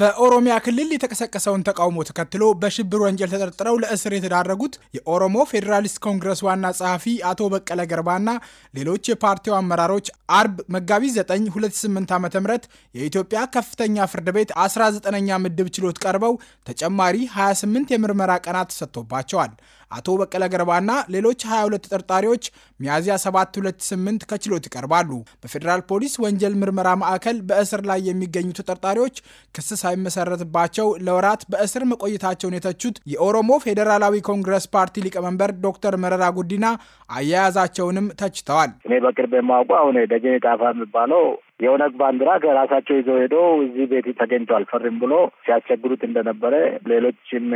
በኦሮሚያ ክልል የተቀሰቀሰውን ተቃውሞ ተከትሎ በሽብር ወንጀል ተጠርጥረው ለእስር የተዳረጉት የኦሮሞ ፌዴራሊስት ኮንግረስ ዋና ጸሐፊ አቶ በቀለ ገርባና ሌሎች የፓርቲው አመራሮች አርብ መጋቢት 9 28 ዓ ም የኢትዮጵያ ከፍተኛ ፍርድ ቤት 19ኛ ምድብ ችሎት ቀርበው ተጨማሪ 28 የምርመራ ቀናት ሰጥቶባቸዋል። አቶ በቀለ ገርባና ሌሎች 22 ተጠርጣሪዎች ሚያዝያ 7 28 ከችሎት ይቀርባሉ። በፌዴራል ፖሊስ ወንጀል ምርመራ ማዕከል በእስር ላይ የሚገኙ ተጠርጣሪዎች ክስ ሳይመሰረትባቸው ለወራት በእስር መቆየታቸውን የተቹት የኦሮሞ ፌዴራላዊ ኮንግረስ ፓርቲ ሊቀመንበር ዶክተር መረራ ጉዲና አያያዛቸውንም ተችተዋል። እኔ በቅርብ የማውቁ አሁን ደጀኔ ጣፋ የሚባለው የኦነግ ባንዲራ ከራሳቸው ይዘው ሄዶ እዚህ ቤት ተገኝቷል ፈርም ብሎ ሲያስቸግሩት እንደነበረ ሌሎችም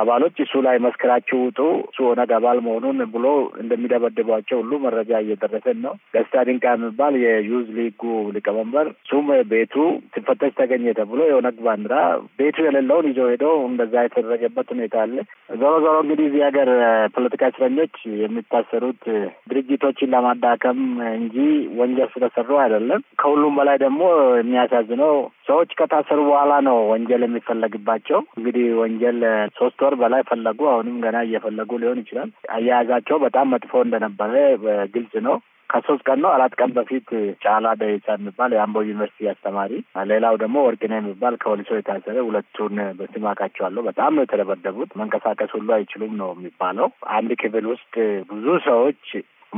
አባሎች እሱ ላይ መስክራችሁ ውጡ፣ እሱ ኦነግ አባል መሆኑን ብሎ እንደሚደበድቧቸው ሁሉ መረጃ እየደረሰን ነው። ደስታ ድንቃ የሚባል የዩዝ ሊጉ ሊቀመንበር እሱም ቤቱ ሲፈተሽ ተገኘ ተብሎ የኦነግ ባንዲራ ቤቱ የሌለውን ይዘው ሄዶ እንደዛ የተደረገበት ሁኔታ አለ። ዞሮ ዞሮ እንግዲህ እዚህ ሀገር ፖለቲካ እስረኞች የሚታሰሩት ድርጅቶችን ለማዳከም እንጂ ወንጀል ስለሰሩ አይደለም ከሁሉ ከሁሉም በላይ ደግሞ የሚያሳዝነው ሰዎች ከታሰሩ በኋላ ነው ወንጀል የሚፈለግባቸው። እንግዲህ ወንጀል ሶስት ወር በላይ ፈለጉ። አሁንም ገና እየፈለጉ ሊሆን ይችላል። አያያዛቸው በጣም መጥፎ እንደነበረ ግልጽ ነው። ከሶስት ቀን ነው አራት ቀን በፊት ጫላ ደይሳ የሚባል የአምቦ ዩኒቨርሲቲ አስተማሪ፣ ሌላው ደግሞ ወርቅነህ የሚባል ከወሊሶ የታሰረ ሁለቱን በስም በጣም ነው የተደበደቡት። መንቀሳቀስ ሁሉ አይችሉም ነው የሚባለው። አንድ ክፍል ውስጥ ብዙ ሰዎች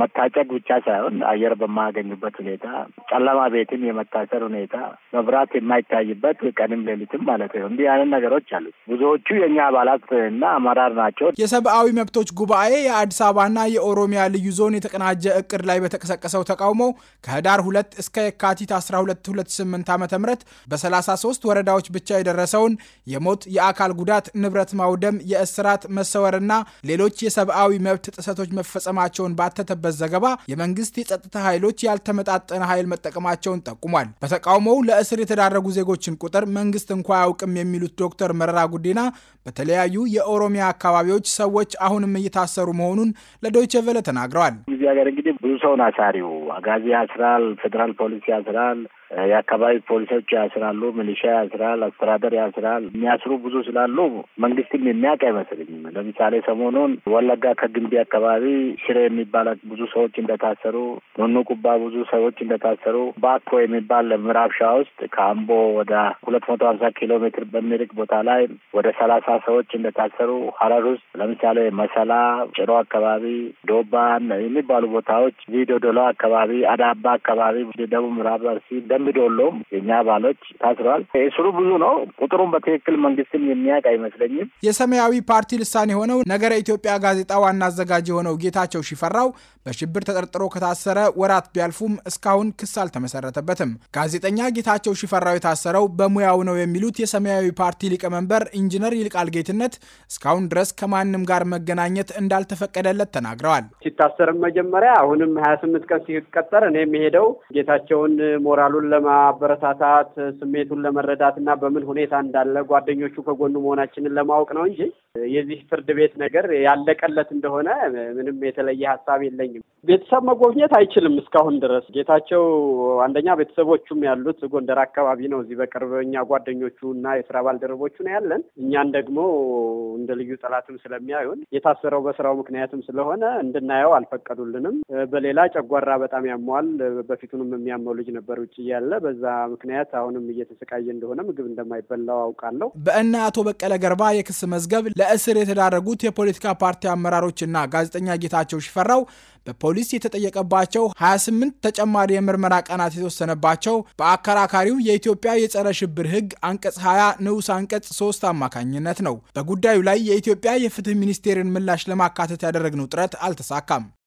መታጨቅ ብቻ ሳይሆን አየር በማያገኙበት ሁኔታ ጨለማ ቤትም የመታሰር ሁኔታ መብራት የማይታይበት ቀንም ሌሊትም ማለት ነው። እንዲህ አይነት ነገሮች አሉ። ብዙዎቹ የእኛ አባላት እና አመራር ናቸው። የሰብአዊ መብቶች ጉባኤ የአዲስ አበባና የኦሮሚያ ልዩ ዞን የተቀናጀ እቅድ ላይ በተቀሰቀሰው ተቃውሞ ከህዳር ሁለት እስከ የካቲት 12 2008 ዓ ም በ33 ወረዳዎች ብቻ የደረሰውን የሞት፣ የአካል ጉዳት፣ ንብረት ማውደም፣ የእስራት መሰወርና ሌሎች የሰብአዊ መብት ጥሰቶች መፈጸማቸውን ባተተ ባለበት ዘገባ የመንግስት የጸጥታ ኃይሎች ያልተመጣጠነ ኃይል መጠቀማቸውን ጠቁሟል። በተቃውሞው ለእስር የተዳረጉ ዜጎችን ቁጥር መንግስት እንኳ አያውቅም የሚሉት ዶክተር መረራ ጉዲና በተለያዩ የኦሮሚያ አካባቢዎች ሰዎች አሁንም እየታሰሩ መሆኑን ለዶይቼ ቬለ ተናግረዋል። እዚህ ሀገር እንግዲህ ብዙ አሳሪው አጋዚ ያስራል፣ ፌዴራል ፖሊስ ያስራል የአካባቢ ፖሊሶች ያስራሉ፣ ሚሊሻ ያስራል፣ አስተዳደር ያስራል። የሚያስሩ ብዙ ስላሉ መንግስትም የሚያውቅ አይመስለኝም። ለምሳሌ ሰሞኑን ወለጋ ከግንቢ አካባቢ ሽሬ የሚባል ብዙ ሰዎች እንደታሰሩ፣ ኖኖ ቁባ ብዙ ሰዎች እንደታሰሩ፣ ባኮ የሚባል ምዕራብ ሸዋ ውስጥ ከአምቦ ወደ ሁለት መቶ ሀምሳ ኪሎ ሜትር በሚርቅ ቦታ ላይ ወደ ሰላሳ ሰዎች እንደታሰሩ፣ ሀረር ውስጥ ለምሳሌ መሰላ፣ ጭሮ አካባቢ፣ ዶባን የሚባሉ ቦታዎች፣ ቪዶዶሎ አካባቢ፣ አዳባ አካባቢ፣ ደቡብ ምዕራብ አርሲ ደምቢዶሎም የእኛ አባሎች ታስረዋል። እስሩ ብዙ ነው። ቁጥሩን በትክክል መንግስትም የሚያውቅ አይመስለኝም። የሰማያዊ ፓርቲ ልሳን የሆነው ነገረ ኢትዮጵያ ጋዜጣ ዋና አዘጋጅ የሆነው ጌታቸው ሽፈራው በሽብር ተጠርጥሮ ከታሰረ ወራት ቢያልፉም እስካሁን ክስ አልተመሰረተበትም። ጋዜጠኛ ጌታቸው ሽፈራው የታሰረው በሙያው ነው የሚሉት የሰማያዊ ፓርቲ ሊቀመንበር ኢንጂነር ይልቃል ጌትነት እስካሁን ድረስ ከማንም ጋር መገናኘት እንዳልተፈቀደለት ተናግረዋል። ሲታሰርም መጀመሪያ አሁንም ሀያ ስምንት ቀን ሲቀጠር እኔ የሚሄደው ጌታቸውን ሞራሉን ለማበረታታት ስሜቱን ለመረዳት እና በምን ሁኔታ እንዳለ ጓደኞቹ ከጎኑ መሆናችንን ለማወቅ ነው እንጂ የዚህ ፍርድ ቤት ነገር ያለቀለት እንደሆነ ምንም የተለየ ሀሳብ የለኝም። ቤተሰብ መጎብኘት አይችልም እስካሁን ድረስ ጌታቸው። አንደኛ ቤተሰቦቹም ያሉት ጎንደር አካባቢ ነው። እዚህ በቅርብ እኛ ጓደኞቹ እና የስራ ባልደረቦቹ ነው ያለን። እኛን ደግሞ እንደ ልዩ ጠላትም ስለሚያዩን የታሰረው በስራው ምክንያትም ስለሆነ እንድናየው አልፈቀዱልንም። በሌላ ጨጓራ በጣም ያመዋል። በፊቱንም የሚያመው ልጅ ነበር ውጭ እያለ አለ። በዛ ምክንያት አሁንም እየተሰቃየ እንደሆነ ምግብ እንደማይበላው አውቃለሁ። በእነ አቶ በቀለ ገርባ የክስ መዝገብ ለእስር የተዳረጉት የፖለቲካ ፓርቲ አመራሮችና ጋዜጠኛ ጌታቸው ሽፈራው በፖሊስ የተጠየቀባቸው 28 ተጨማሪ የምርመራ ቀናት የተወሰነባቸው በአከራካሪው የኢትዮጵያ የጸረ ሽብር ሕግ አንቀጽ 20 ንዑስ አንቀጽ 3 አማካኝነት ነው። በጉዳዩ ላይ የኢትዮጵያ የፍትህ ሚኒስቴርን ምላሽ ለማካተት ያደረግነው ጥረት አልተሳካም።